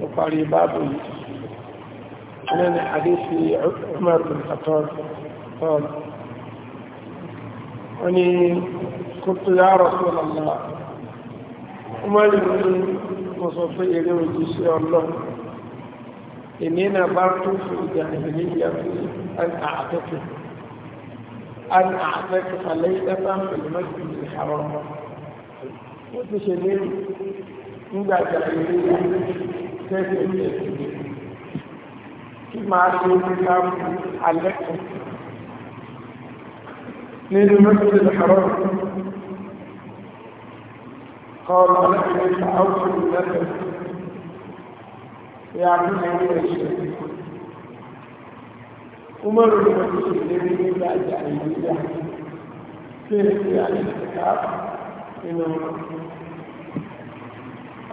وقال باب عن حديث عمر بن الخطاب قال أني قلت يا رسول الله عمر بن مصطفى يقول يا الله إني نظرت في الجاهلية أن أعتكف أن أعتكف ليلة في المسجد الحرام قلت شنو نبعد عن gẹ́gẹ́ bí ẹ̀sìn kí máa ṣe nígbà alẹ́ kan nínú mẹ́tẹ̀ẹ́ lọ́rọ̀ قال لكن فأوصل لك يعملني الشيء عمر بن المسلمين لا جاهلية في الاحتكار إنه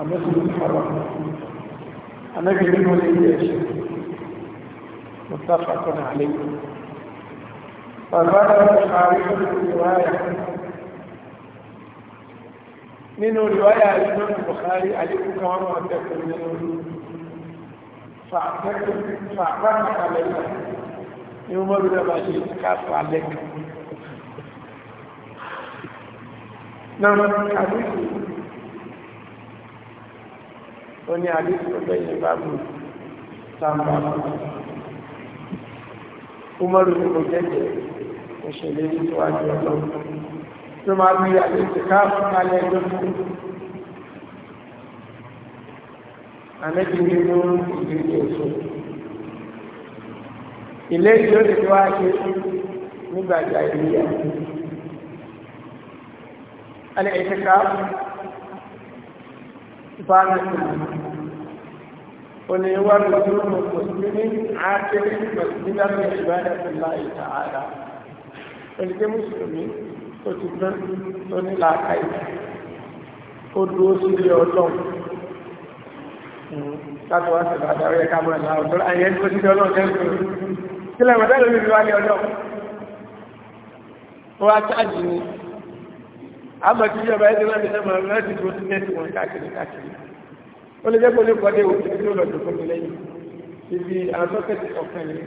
أمس الحرام النبي منه ليش متفق عليه فقال البخاري في الرواية منه رواية الإمام البخاري عليكم كما أعتقد منه فأعتقد عليك يوم بن بشير كاف عليك نعم حديث ó ní àdéhùn lẹ́yìn bábù sáńpà umaru ní mo jẹ́jẹ́ òṣèlè ní tíwájú ọlọ́run tó máa bí àdéhùn káàkiri kalẹ̀ ẹjọ́ fún àmẹ́bí nínú ìgbésẹ̀ èso ilé ìjọ lè wá ìlú yà fáńtì oni wa lujuru muslimin akiri masjida min ibadatillahi ta'ala ẹni pé mùsùlùmí tó ti gbọ́n tó ní làákàyè ó dúró sílé ọlọ́run láti wá sí àdáwọ̀ ẹ̀ka mọ́ ẹ̀lá ọ̀dọ́ ayé tó sílé ọlọ́run tẹ́lẹ̀ sílẹ̀ mọ̀tẹ́ lórí ìlú alẹ́ ọlọ́run ó wá chájì ni àmọ̀ tí ìjọba ẹ̀dẹ́ láti sẹ́mọ̀ láti tó sí nẹ́ẹ̀tì wọn káàkiri káàkiri ó lè jẹ́ pé olè kọ́dé òkè tí ó lọ jù fún mi lẹ́yìn ibi àwọn sọ́kẹ́tì ọ̀kan yìí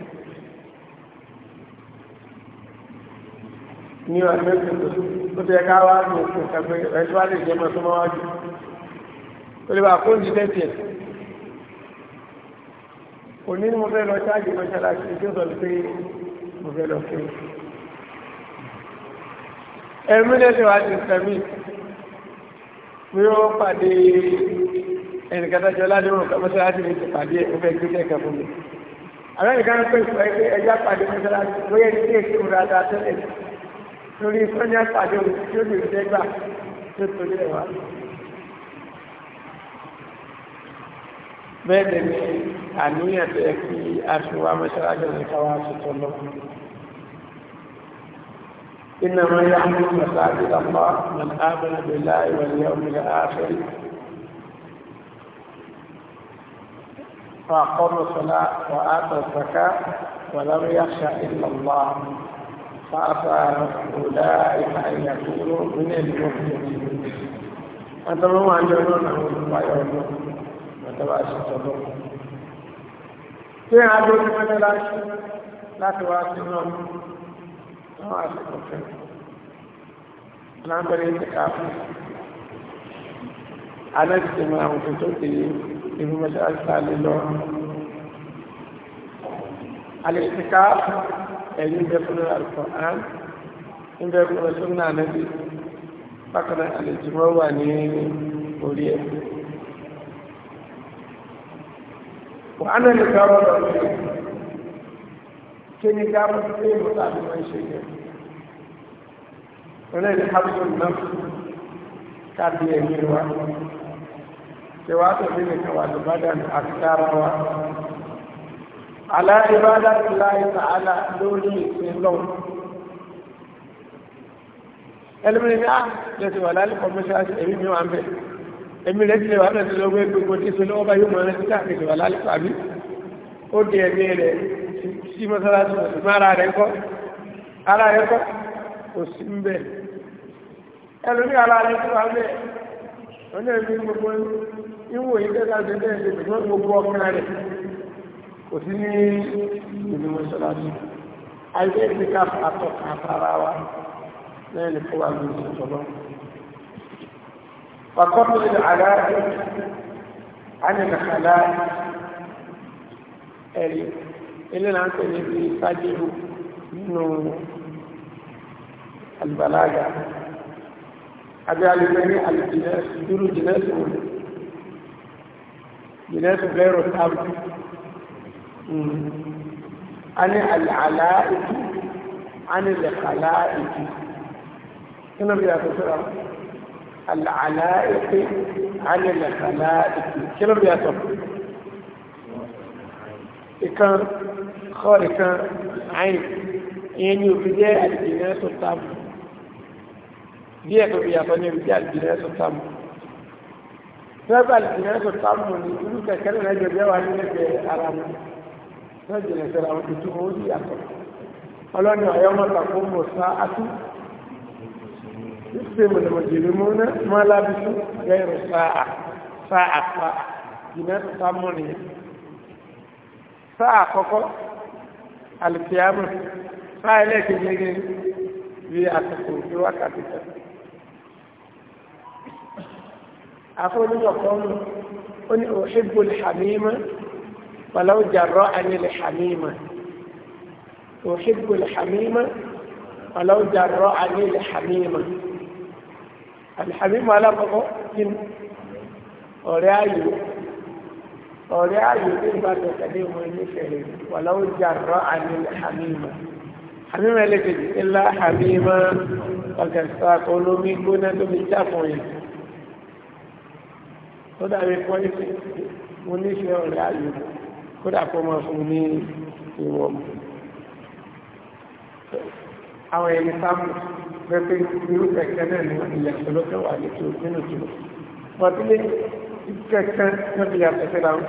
ní ọdún mẹ́sàn-án tó tẹ́ ká wá ní òkú ìkàgbé ẹ̀ṣọ́ àlè jẹ́ mọ́ tó máa wájú ó lè bá kó ní tẹ́tì ẹ̀ òní ni mo fẹ́ lọ ṣáàjì mọ́ṣáláṣí tí ó sọ pé mo fẹ́ lọ kí ẹ̀mí lẹ́sẹ̀ wá ti sẹ́mi mi ó pàdé ẹnìkan tó jọ ládéhùn mọ́sálásí mi ti pàdé ẹgbẹ́ gbẹ́jẹ́ kan fún mi. àwọn ẹnìkan pè fún ẹgbẹ́ ẹjá pàdé mọ́sálásí bóyá ẹni tí èsì òrà dáa tẹ́lẹ̀ lórí sọ́jà pàdé òun tí ó lè fẹ́ gbà tó torí ẹ̀ wá. bẹ́ẹ̀ ni àníyàn tó yẹ kí aṣọwá mọ́sálásí káwá tuntun lọ. إنما يعمل مساجد الله من آمن بالله واليوم الآخر فأقروا الصلاة وآتوا الزكاة ولم يخشى إلا الله فأفى أولئك أن يكونوا من المفلحين أنت ما عندنا الله يرضون وتبارك الله في عدو من لا لا تواسلهم تواسلهم الأمر انتقاف على اجتماع في تركيا irú mẹ́sàlásà lè lọ alẹ́sìká ẹ̀yìn bẹ fún alùpùpù ń bẹ fún ọsùn náà nẹ́bí bákan náà alẹ́jùmọ́ wà ní orí ẹ̀ wàá nà nìkan ọ̀rọ̀ ọ̀rọ̀ kí ni gáàmù tó ń bọ̀ láti máa ń ṣe yẹn wọn lè ní hapun náà káàdì ẹ̀mí wa. سواك منك والبدن أكثرها على عبادة الله تعالى دوني في اللون ẹlẹ́mìnrin ní àjẹsẹ̀ ah, wà lálẹ́kọ̀ọ́ mẹ́sàáṣì èmi mi wà ń bẹ̀ èmi rẹ̀ ti lè wà lọ́dún lọ́gbẹ́ gbogbo tí ìṣẹ́ lọ́wọ́ bá yóò mọ̀ rẹ̀ títà àjẹsẹ̀ wà lálẹ́kọ̀ọ́ àbí ó di ẹ̀mí rẹ̀ sí mọ́sálásí ọ̀sùn ara rẹ̀ kọ́ ara rẹ̀ kọ́ kò sí ń bẹ̀ ẹlòmí ara rẹ̀ tó wà ń bẹ̀ ọ̀nà ẹ̀mí iwu yìí tẹ́lá ṣe bẹ́ẹ̀ gbogbo ọkùnrin rẹ̀ kò sí ní ìlú mọ́ṣáláṣí ayé ti àtọ̀ àtàrà wa lẹ́yìn ní fún wa ní ìṣọ̀lọ́ جناس غير الأرض أنا العلائق عن الخلائق هنا بلا تسرع العلائق عن الخلائق كلا بلا تسرع إكان خارقا عين يعني بداية الجناس التام بيئة بيئة الجناس التام sẹ́bà ìyẹn tó tábù ní irú kẹ̀kẹ́ náà jẹ bí wà nílé jẹ ara mi náà jẹ lẹsẹ̀ àwọn tuntun ó sì yàtọ̀ ọlọ́ni ọ̀yọ́ mọ́ta kó mọ̀ sá átú ṣíṣe mọ̀lẹ́mọ̀jẹ̀lẹ́ mọ́ náà má lábísú lẹ́rù sáà sáà pa ìyẹn tó tábù ní sáà kọ́kọ́ alìkíyàmù sáà ẹlẹ́kẹ̀ẹ́ gẹ́gẹ́ bí àtàkùn ní wákàtí tẹ̀sí. àfọwọ́nìjọ kan ó ní òṣèbù lẹ́hàmímọ́ pàlọ́ jàrọ́ àní lẹ́hàmímọ́ òṣèbù lẹ́hàmímọ́ pàlọ́ jàrọ́ àní lẹ́hàmímọ́ àlẹ́hàmímọ́ alákọ̀ọ́kọ́ kí ni ọ̀rẹ́ ayò ọ̀rẹ́ ayò tí ń bá tẹ̀sẹ̀lé wọn nífẹ̀ẹ́ pàlọ́ jàrọ́ àní lẹ́hàmímọ́ àmìmọ́ ẹlẹ́kẹ̀ẹ́ ńlá àmìmọ́ ọ̀gẹ̀sà olómi gbóná tó fi jáfọ̀ yìí tó dàbí pọ́lísì mo nífẹ̀ẹ́ ọ̀rẹ́ ààyè kódà kó máa fún ní ìwọ̀n mu àwọn ẹni sáàmù pẹ́pẹ́ irú kẹ̀kẹ́ náà ni wọ́n ìyàtọ̀ ló fẹ́ wà ní tó nínú tó wọ́n tí lé kẹ̀kẹ́ náà fi yàtọ̀ sí láwọn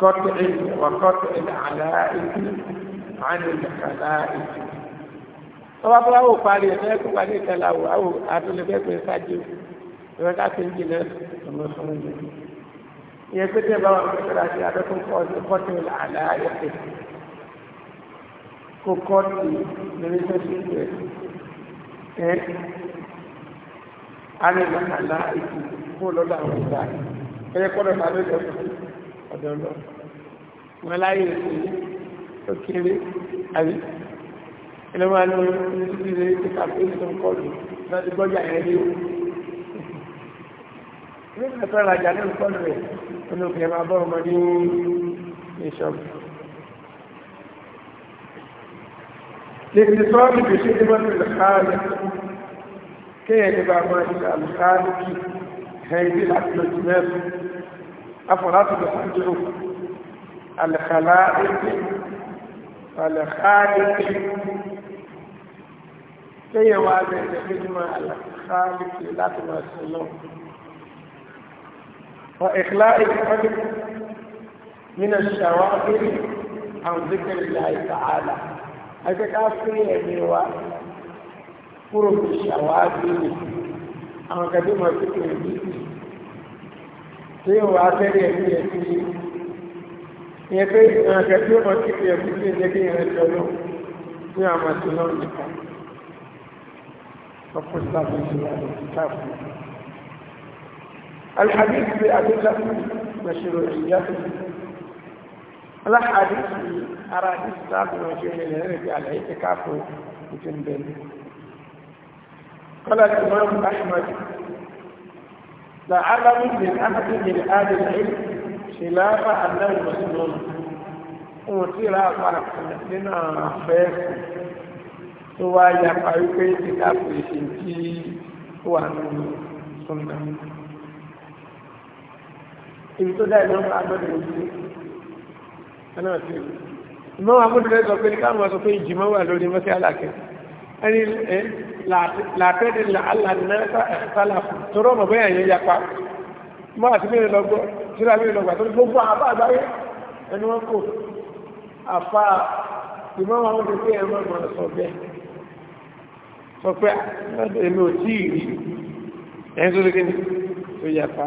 kọ́tù ìlú wà kọ́tù ìlú àlàá àánú ìlàkàlà ìlú. tọ́wọ́ tó parí ẹ̀ fẹ́ kó parí ìtẹ́láwò àtúnlẹ̀fẹ́ pé sáájú ìwé káfíń jìnnà ọmọ ọmọ yìí ìyẹn pé tẹ́ bá wà ní ìṣẹ́ra sí adókùn kọ́ọ̀tù kọ́ọ̀tù àlá ẹ̀fẹ̀ kó kọ́ọ̀tù lórí sẹ́sì rẹ̀ ẹ́ ánìlá àlá ìtù kó lọ́dọ̀ àwọn ìgbà ẹ̀yẹ kọ́ọ̀tù àlá ìtù ọ̀dọ̀ lọ wọn láyé èsì ó kéré àbí ẹlẹ́wọ̀n ní ìdílé ìkàfẹ́ ìtàn kọ́ọ̀tù láti gbọ́jà ẹ̀rí ní ìfẹ́ rajà ní ìkọlù rẹ̀ olóògbé máa bọ́ ọmọ ní ìṣọ́bù lèkìtì sọ́ọ̀lù bí ṣe tí wọ́n ti lùkàálù kéèyàn ní bá máa ṣe àlùkàálù kí ẹ̀yìn láti lọ jù mẹ́rin afọ̀látù lọ sí jù àlùkàlá ètè àlùkàálù kí kéèyàn wá وإخلاء القلب من الشواغل عن ذكر الله تعالى هذا كافي يعني هو قرب الشواغل عن قديم ذكر الله tí ó wà tẹ́lẹ̀ ẹ̀mí ẹ̀mí yẹ pé ìrìnàjò tí ó mọ̀ sí pé ẹ̀mí tí ó jẹ́ kí ìrìnàjò lọ ní àmàtí náà nìkan ọkùnrin tàbí ìṣẹ̀lẹ̀ àti ìtàkùn الحديث بأدلة مشروعية الحديث أراديث سابق مشروعية في الاعتكاف وتنبين قال الإمام أحمد لعلم من أحد من آل العلم خلاف أنه مسلم ومثير أطلق لنا خير هو يقع في اعتكاف الشنكي هو سنة ibi tó dáa ìmọ̀ agbọ́dọ̀ lójúlé ẹ̀nà àti ìlú ìmọ̀ agbọ́dọ̀ sọ pé káwọn sọ pé ìjìmọ̀ wà lórí mọ́sí alákẹ́ ẹni làtẹ́dẹ̀ làálànà sálàfù tó rọ́mọ̀ bóyá yẹn yapa mọ́ àti mẹ́rin lọ́gbọ́ síra mẹ́rin lọ́gbà tó gbogbo àbá àgbáyé ẹni wọ́n kò àfa ìmọ̀ wọn ti pé ẹ̀rọ mọ̀ sọ bẹ́ẹ̀ sọ pé èmi ò tí ì rí ẹni tó lé kéde tó yapa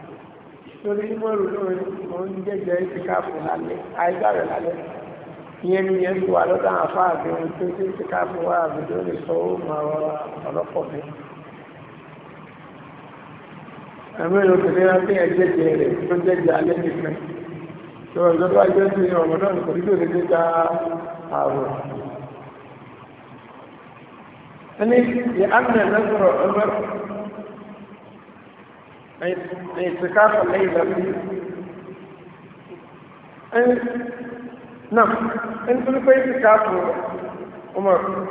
torí mọ́rù lórí òun jẹ́jẹ́ ti káàpù lálẹ́ àìgbàrẹ̀ lálẹ́ ìyẹn ni yẹn wà lọ́dọ̀ àfa àbẹ̀wò tó ti ti káàpù wá àbùdó lè sọ ó mọ ọlọ́pọ̀ mi. àmì òkèlè wa pé ẹjẹjẹ rẹ tó jẹjẹ alẹ́ nìkan tó ọjọ́ bá jẹ́ sí ọmọ náà kò ní lòdì níta ẹni yẹ àmì ẹ̀ اعتكاف الليلة نعم انت لكي اعتكاف عمر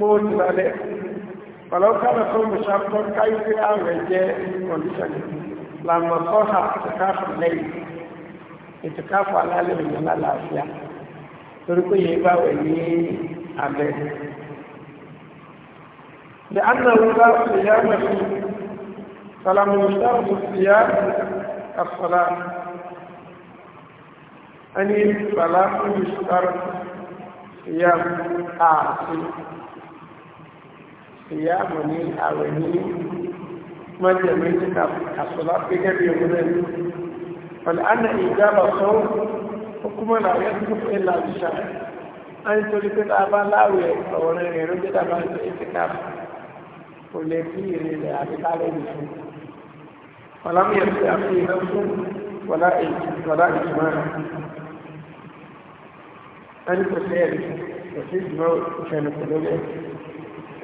موت الأداء ولو كان صوم شرطا كيف يعمل جاء كونديشن لما صح اعتكاف الليل اعتكاف على ليل من العافية تركوا يبقى ولي أبدا لأنه لا صيام فيه فلمن الصيام الصلاة أني فلا يشترط صيام آسي صيام ني أوني ما جمعنا الصلاة بجمع يومين فالآن إجابة صوم حكم لا يثبت إلا بشرع أن تلك الآباء لا يتطورون غير ذلك ما يتكافئ ولكن يريد أن يتعلم ولم يبقى فيه نفس ولا ولا إجماع أن تسأل وحزب كان كذلك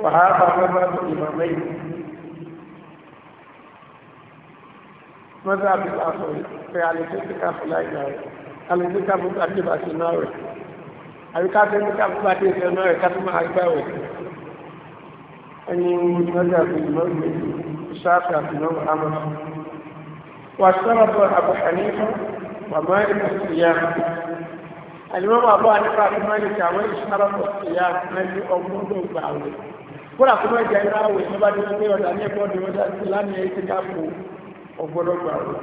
وهذا مذهب الإمامين مذهب الآخر في على ذلك فلا إله على ذلك متأكد أسماوي àbí ká tẹ́ nípa fún àti ìṣẹ́ náà ẹ̀ká tó máa gbáwẹ̀ ẹni mọ́jà fún ìmọ̀ ìgbésí واعترض أبو حنيفة ومالك الصيام الإمام أبو حنيفة مالك أول اشترط الصيام من أمور بعوض kódà kó má jẹ irú àwẹ̀ tó bá dé wípé ọ̀dà ní ẹ̀kọ́ ọdún ọjà sí lánàá èyí ti ká fún ọgbọ́dọ̀gbà rẹ̀.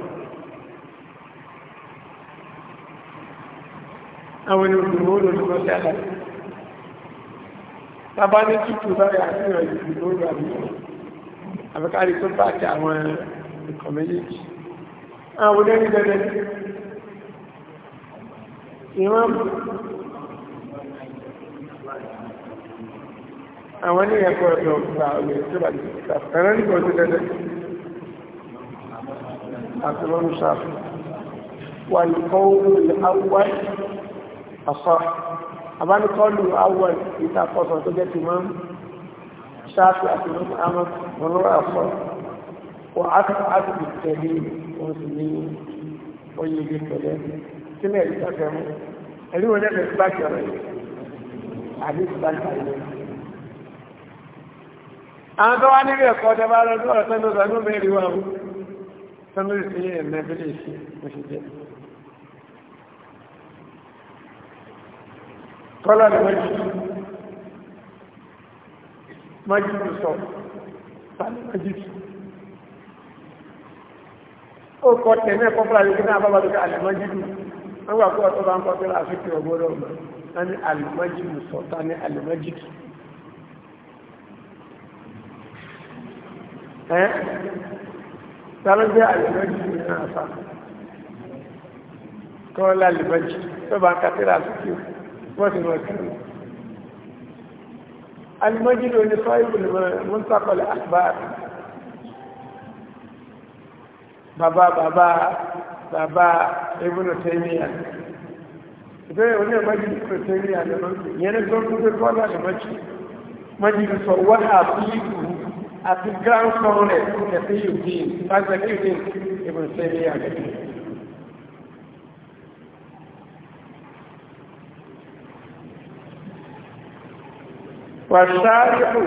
àwọn ènìyàn òdùnmọ́ olùdókòó sí àlàyé tábà ní tútù báyìí àti ìrọ̀lẹ́ ìdìbò ìgbà mi àbíkárí tó bá ti àwọn ẹ̀kọ́ méjèèjì àwọn olórí dẹ̀dẹ̀ ìwọ̀n àwọn ní ẹ̀kọ́ ẹ̀kọ́ ọ̀gbà ọ̀gbà ìjọba ìjọba ẹ̀rọ nígbà ojú dẹ̀dẹ̀ àti lọ́nù sáfì wà ní kọ́wọ́ àwọn àṣọ àbánikọ́lù àwọn ìtàkọ́sọ̀ tó jẹ́ ti máa ń sáfì àti lọ́nù wọ́n sì ní oyè ibi pẹ̀lẹ́ sílẹ̀ ìtọ́jọ́ mú ẹ̀rí wọn lẹ́nu bá jọrọ yìí àbí bá ń tàyè. àwọn tó wá nílé ẹ̀kọ́ ọjọ́ bá lọ sọ̀rọ̀ sẹ́nu sọ ní mẹ́rin wà ó sẹ́nu sì ẹ̀mẹ́ bí lè ṣe kọ́lá ni wọ́n jù mọ́jú sọ tani mọ́jú sọ ó kọ tẹ̀mẹ́ kọ́kọ́ àti kíkọ́ àbábá tó ká àlùmọ́jìdù wọ́n gbà kó ọ̀tọ́ bá ń kọ́ tó rà fífi ọgbọ́dọ̀ ọ̀gbọ́n wọ́n ní àlùmọ́jìdù sọ́tà ní àlùmọ́jìdù ẹ́ tàbí jẹ́ àlùmọ́jìdù ní àfà kọ́ lálùmọ́jì tó bá ń ká tó rà fífi wọ́n ti mọ̀ kí bàbá bàbá bàbá Ibn Taymiyyah ìbẹ̀rẹ̀ oní ọmọdé Ibn Taymiyyah lọ́nà yẹn tó kú pé kọ́lá ní mọ́jì mọ́jì sọ wá àfihù àti grandson rẹ̀ kẹfẹ́ yóò dé ìgbàgbẹ́ yóò dé Ibn Taymiyyah lọ́nà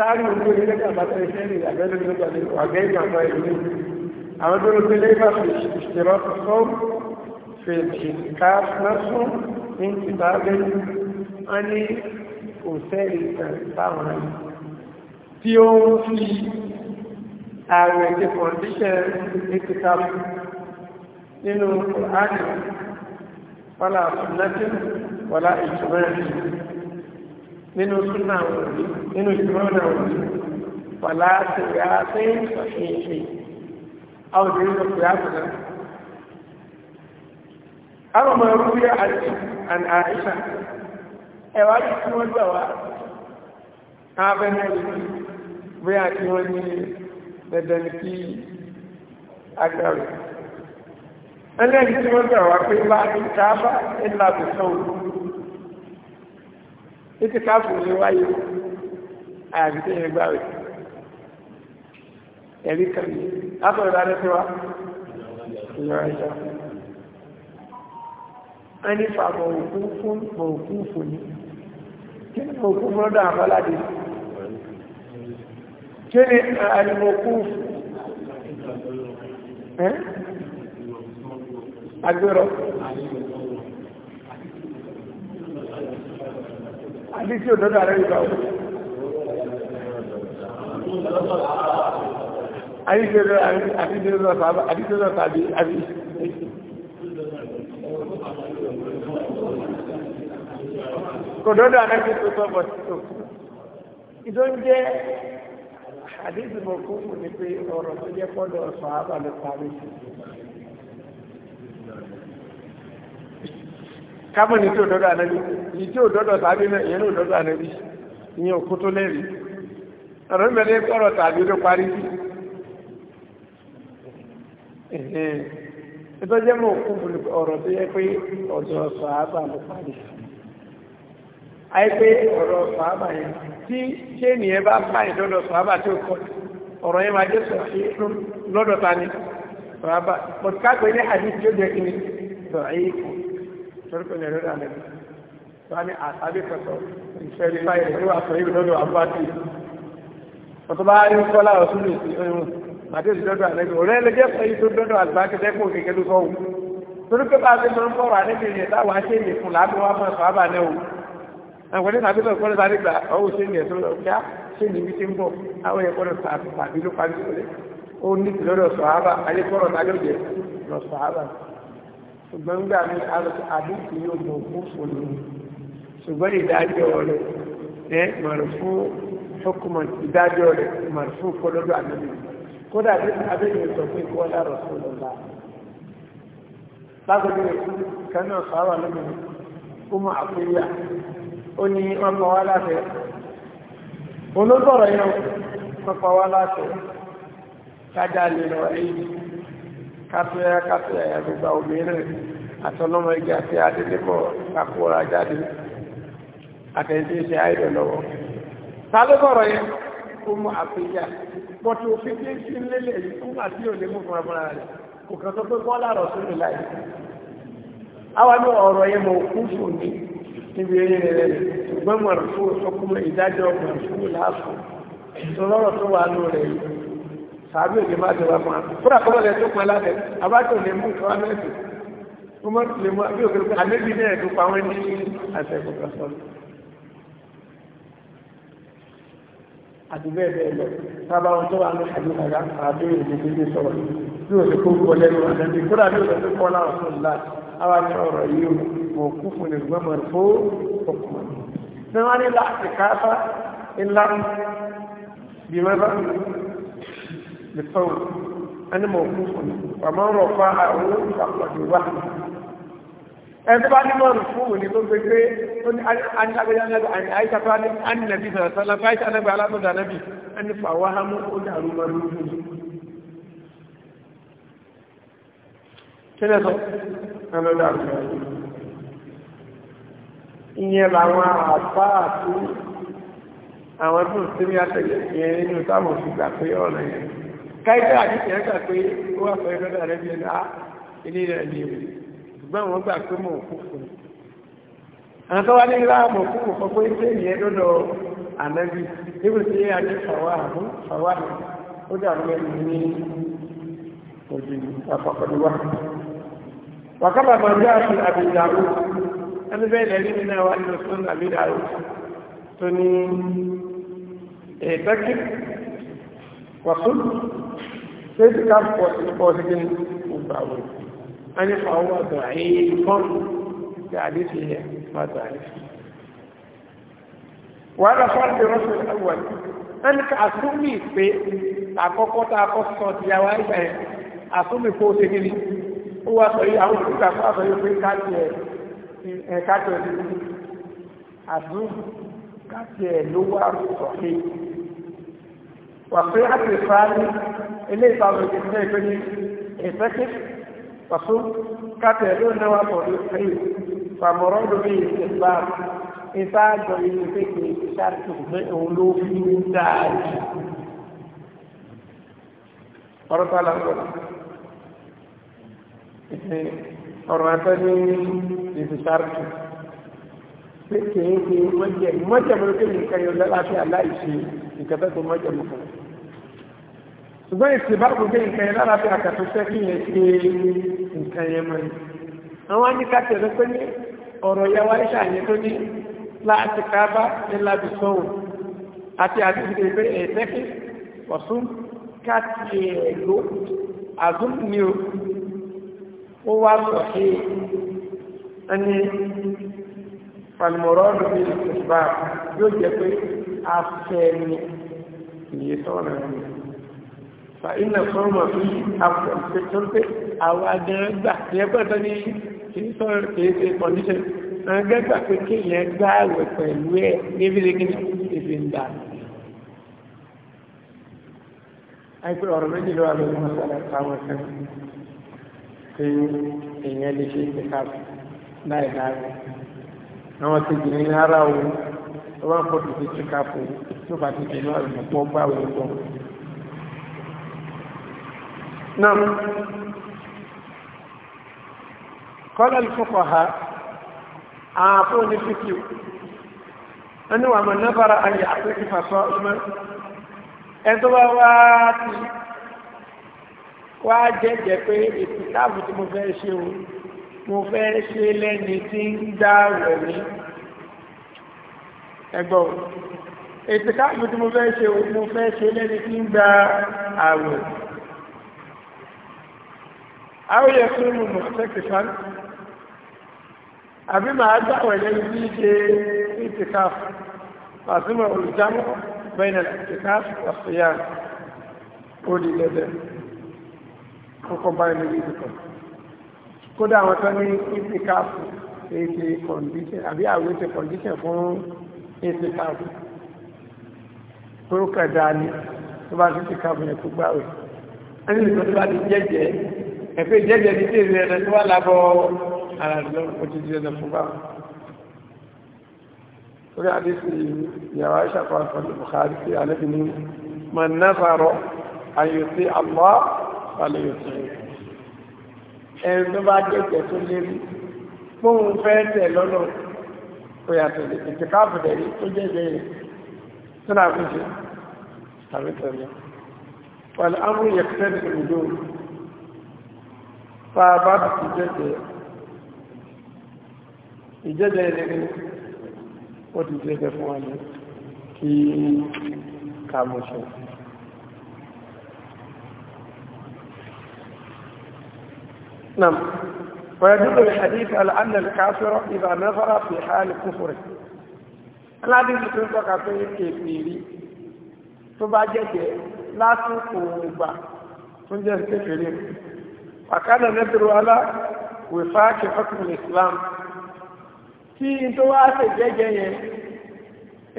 sáárì ojú onílẹ́gbà bàtà iṣẹ́ ní àgbẹ̀lẹ̀ nígbà ní ọ̀gẹ́ ìgbàgbọ́ ìlú àwọn tó ló gbélé bá fi ìṣẹ̀rọ tuntun fi ìka lọ́sùn ní ìta abẹ́lú wọn ní kò sẹ́ẹ̀lì táwọn ẹni tí ó ń fi ààrẹ ti kọ̀ǹdíṣẹ̀ ìtìká nínú ààrẹ wọ́lá àtúnlẹ́tì wọ́lá ìtùmẹ́rin nínú súnà òbí nínú ìsúnà òbí pàlà àtìyà sí ìṣẹ̀ṣẹ̀ àwọn obìnrin ló pè áàbò náà. àwọn ọmọ ẹrú bí àti àn àìsà ẹwà yìí tí wọ́n gbà wá abẹ́nú ìlú bí àti wọ́n ní dandan kí agbára. ẹlẹ́yìn tí wọ́n gbà wá pé bá ti ta bá ẹ̀ lábẹ́ sọ́wọ́ títí káàpù ní wáyé àyàgbé yẹn gbáwé ẹ̀rí kan ní látọ̀rọ̀ dáadé tí wá ìyọ̀rọ̀ ìjọ wọ́n ní fa mọ̀òkú fún mọ̀òkú fún ní kí ni mọ̀òkú fún lọ́dọ̀ àfọládé kí ni àlùmọ̀òkú fún agbérọ̀ àbí tí òdọ́dọ̀ rẹ̀ ìgbà ọ̀pọ̀ àbí tí òdọ́dọ̀ tàbí àbí kò dọ́dọ̀ anẹ́kì tó sọ bọ̀ títò ìdó ń jẹ́ àdíjìmọ̀ kúrò ní pé ọ̀rọ̀ tó jẹ́ pọ́dọ̀ sọ àbàlẹ̀ parí sí kámọ̀ ní tí ò dọ́dọ̀ ànábì tí ò tàbí náà ìyẹn ò dọ́dọ̀ ànábì ìyẹn ò lẹ́rìí ọ̀rọ̀ kọ́rọ̀ tàbí ló parí sí ìtọ́jẹ́ mọ̀ kún ọ̀rọ̀ tó yẹ pé ọ̀dọ̀ ló parí ọ̀rọ̀ yẹn tí bá bá ìdọ́dọ̀ tó ọ̀rọ̀ yẹn máa jẹ́ sí torúkọ ní ẹ̀rọ àlẹ́ wọn ní àtàbí kọ̀tọ̀ ìfẹ́ rí báyìí rẹ̀ wà sọ ibi lọ́dọ̀ àbúrátì ọ̀tọ̀ bá rí kọ́lá ọ̀sùn lè sí ọ̀hún màdé ìdọ́dọ̀ àlẹ́ ọ̀rẹ́ ẹlẹ́jẹ́ sọ ibi tó dọ́dọ̀ àlùbákẹ́ dẹ́kun kékeré ló sọ́wọ́ torí pé bá a ti máa ń bọ̀rọ̀ àdébìnrin ẹ̀dá wa ṣe èyí fún làbí wa máa sọ àbà náà o àwọn ẹ̀dá tó kọ́lé sáré gbà ọ̀hún ṣe èyí tó lọ kíá ṣe èyí bí ti ń ṣùgbọ́n ń gbà mí àdúgbò yóò mọ̀ fún fòlù ṣùgbọ́n ìdájọ́ rẹ̀ ẹ mọ̀rọ̀ fún fọkùmọ̀ ìdájọ́ rẹ̀ mọ̀rọ̀ fún kọlọ́dọ̀ àdúgbò kódà abẹ́yẹ̀ sọ pé kọ́ lárọ̀ fún lọ́la lágbègbè kan náà sáwà lómìnir ó mọ àkúyà ó ní wọ́n pa wá láṣẹ olóńtọ̀rọ̀ yẹn wọ́n pa wá láṣẹ kájà lè lọ ẹ̀yìn kátúyà kátúyà yà gbogbo obìnrin àtọ́nọ́mọ igi àti adélébọ̀ kakura jáde àtẹ̀yìntì ṣe àìdọ̀ lọ́wọ́. bọ̀rọ̀ yẹn kó mú bọ́tù òfin tí ń fi lélẹ̀ yìí fún àti òní mú fúnra fúnra rẹ̀ kò kàn tó pé bọ́lá rọ̀ sórí láì. àwa ní ọ̀rọ̀ yẹn mọ̀ òkú fún mi níbi eré rẹ̀ ṣùgbọ́n mọ̀ fún ìdájọ́ mọ̀ fún ìtọ́lọ́rọ̀ tó wà yìí. sàbí òní máa jọba fún wa fúnra kọ́lọ́ lẹ tó pa lábẹ́ abájọ lè mú ìtọ́wá mẹ́sì wọ́n mọ̀ lè mú àbí òkèlè àmẹ́bí náà tó pa wọ́n ní àtẹ̀kùn kọ̀ọ̀kan. àti bẹ́ẹ̀ bẹ́ẹ̀ lọ sábà wọn tó wà ní àjò kàkà àbí òní gbígbé sọ̀rọ̀ bí òní kó wọ lẹ́nu àtẹ̀bí kódà bí òní kó kọ́lá ọ̀sán ńlá àwa ní wọ́n ní láti بقول أنا موقوف ومن رفعه فقد وهم ẹni bá ní mọ́rùn fún òní tó gbé pé ó ní àìsàfà ní ànìyàbí sàrásánlá fáìsà náà alámọ́dà náà bí ẹni fàwọ́ hámú ó dàrú mọ́ lórí kílẹ̀ sọ ẹlọ́dà rẹ̀ ìyẹn làwọn àpá àti àwọn tó ń sinmi àtẹ̀yẹ̀ ìyẹn nínú táwọn fi gbà pé ọ̀nà yẹn káìkà àdìsí ẹ̀ka pé ó wà pẹ̀lú ọ̀dọ̀ rẹ̀ bí ẹni á ah, ilé rẹ̀ ní ìwé ṣùgbọ́n wọ́n gbà pé mọ̀ òkú fún un àwọn tó wá ní ìlà mọ̀ òkú fún pé ṣé ìyẹn lọ́dọ̀ ànábì níbi tí a ní fàwa àbú fàwa ó dà lórí ní òjì àpapọ̀lúwà wàkàbà máa bí àti àbìdàrú wàkún ṣé ti ká pọ̀ sí pọ̀ sí kí ó gbà wò a ní fa owó àgbà ẹ̀yìn kan tí àdéṣe yẹ má gbà rẹ̀ wàhálà fáńtì rọ́ṣọ̀ àwọn ẹni ká àtúnmì pé àkọ́kọ́ tá a kọ́ sọ ti àwọn àìsàn yẹn àtúnmì kó ṣe kí ni ó wá sọ yìí àwọn òṣìṣẹ́ àkọ́ àsọ yìí pé káàkiri ẹ̀ káàkiri ẹ̀ ló wà rọ̀ pé وصيحة الإسلام اللي صار الإسلام يكون effective وصول كاتيرون نوافع الإسلام فمراد به الإسلام إنسان يفكر إنسان تخبئه له في إنسان ọ̀rọ̀ tó alágbọ̀n ọ̀rọ̀ àtọ́ ní ìfìsáàtù pé kèéké mọ́jẹ̀ mọ́jẹ̀ mọ́jẹ̀ mọ́jẹ̀ mọ́jẹ̀ mọ́jẹ̀ nǹkan tó tó mọ́jọ́ mọ́ fún un. ṣùgbọ́n ìsìn bá gbogbo nǹkan yẹn lára fi àkàtún fẹ́ kí yẹn ṣe nǹkan yẹn mọ́ ni. àwọn àníkà tẹ̀lé pé ní ọ̀rọ̀ ìyá wa ṣe àyẹ̀ tó ní láti kábá ní láti sọ́hùn àti àdúgbò pé ẹ̀ẹ́dẹ́kì ọ̀sùn káàtì ẹ̀ẹ́dó àdúgbò ó wá sọ̀ sí ẹni فالمراد بالاستحباب يوجد afẹ́ni ìyẹ sọ́nà rẹ̀ fa iná sọ́mọ̀ fi afẹ́ni tó ń pè àwọn agbẹ̀rẹ̀ gbà yẹ pẹ́tọ́ ní kìí sọ́rọ̀ kìí ṣe condition agbẹ́gbà pé kéèyàn gbá àwẹ̀ pẹ̀lú ẹ̀ níbi lè kíni ìfi ń dà àìpé ọ̀rọ̀ méjì ló wà lórí mọ́sálà táwọn ẹ̀sẹ̀ ṣe ìpẹ́ká láì àwọn ti gbìyànjú ara òun wọ́n á gbọ́dọ̀ fi túká fún tó bá ti dènà àrùn tó bá wẹ̀ lọ. Nam kọ́lá ìfọ̀kọ̀ ha àpò ní fífi ẹni wà mọ̀ nábàárà ayé àpèkì fàṣọ ọmọ ẹ tó bá wá ti wá jẹ́jẹ́ pé ètò táàbù tí mo fẹ́ ṣe o mo fẹ́ ṣe lẹ́ni tí ń dá rẹ̀ ní ẹgbọ́ ètìkáàbù tí mo fẹ́ ṣe mo fẹ́ ṣe lẹ́ni tí ń gba àwẹ̀ àwòyẹ fún mi mọ̀ sẹ́kì sán àbí màá dáwọ̀ lẹ́ni tí ṣe ètìkáàbù pàṣímọ̀ olùjámọ̀ bẹ́ẹ̀nà ètìkáàbù ọ̀sẹ̀yà ó di lẹ́dẹ̀ kọ́kọ́ báyìí lórí ìdíkọ̀ kódà àwọn tó ní ètìkáàbù ètì kọ̀ǹdíṣẹ̀ àbí àwẹ̀ ètì kọ̀ǹdíṣẹ̀ fún ìtìkáàbù pé ó kẹ̀dá ní tó bá sí ìtìkáàbù yẹn tó gbáwẹ̀ ẹni nìkan tó bá ti jẹ́jẹ́ ẹ̀fẹ́ jẹ́jẹ́ ní tèrè ẹ̀rẹ́ tó wà lábọ́ ara lọ òjijì ẹ̀rẹ́ fún báwọn torí àdéhùn ìyàwó àìsàkọ́ àfọ̀lù Bukhari sí alẹ́bí ní man nafaro àyòsí àlọ́ àlẹ́yòsí tó bá jẹ́jẹ́ tó lérí fóun fẹ́ tẹ̀ lọ́nà ó yàtọ̀ lè ìtìkáàfù dẹ̀rí tó jẹ́ ìbẹ̀rẹ̀ tó náà fi ṣe tàbí tẹ̀lé pẹ̀lú amú yẹ̀kẹ́tẹ́ ìlú tá a bá ti jẹ́jẹ́ ìjẹ́jẹ́ ìlú ó ti jẹ́jẹ́ fún wa ní kí kàmùsùn Nam. ويدل الحديث على أن الكافر إذا نظر في حال كفره aládé ní tó ń tọ́ka pé kékeré tó bá jẹ́jẹ́ lásìkò ògbà tó ń jẹ́ kékeré àkádà nẹ́tìrò alá wèfà kẹfọ́kùn Islam tí n tó wá ṣe jẹ́jẹ́ yẹn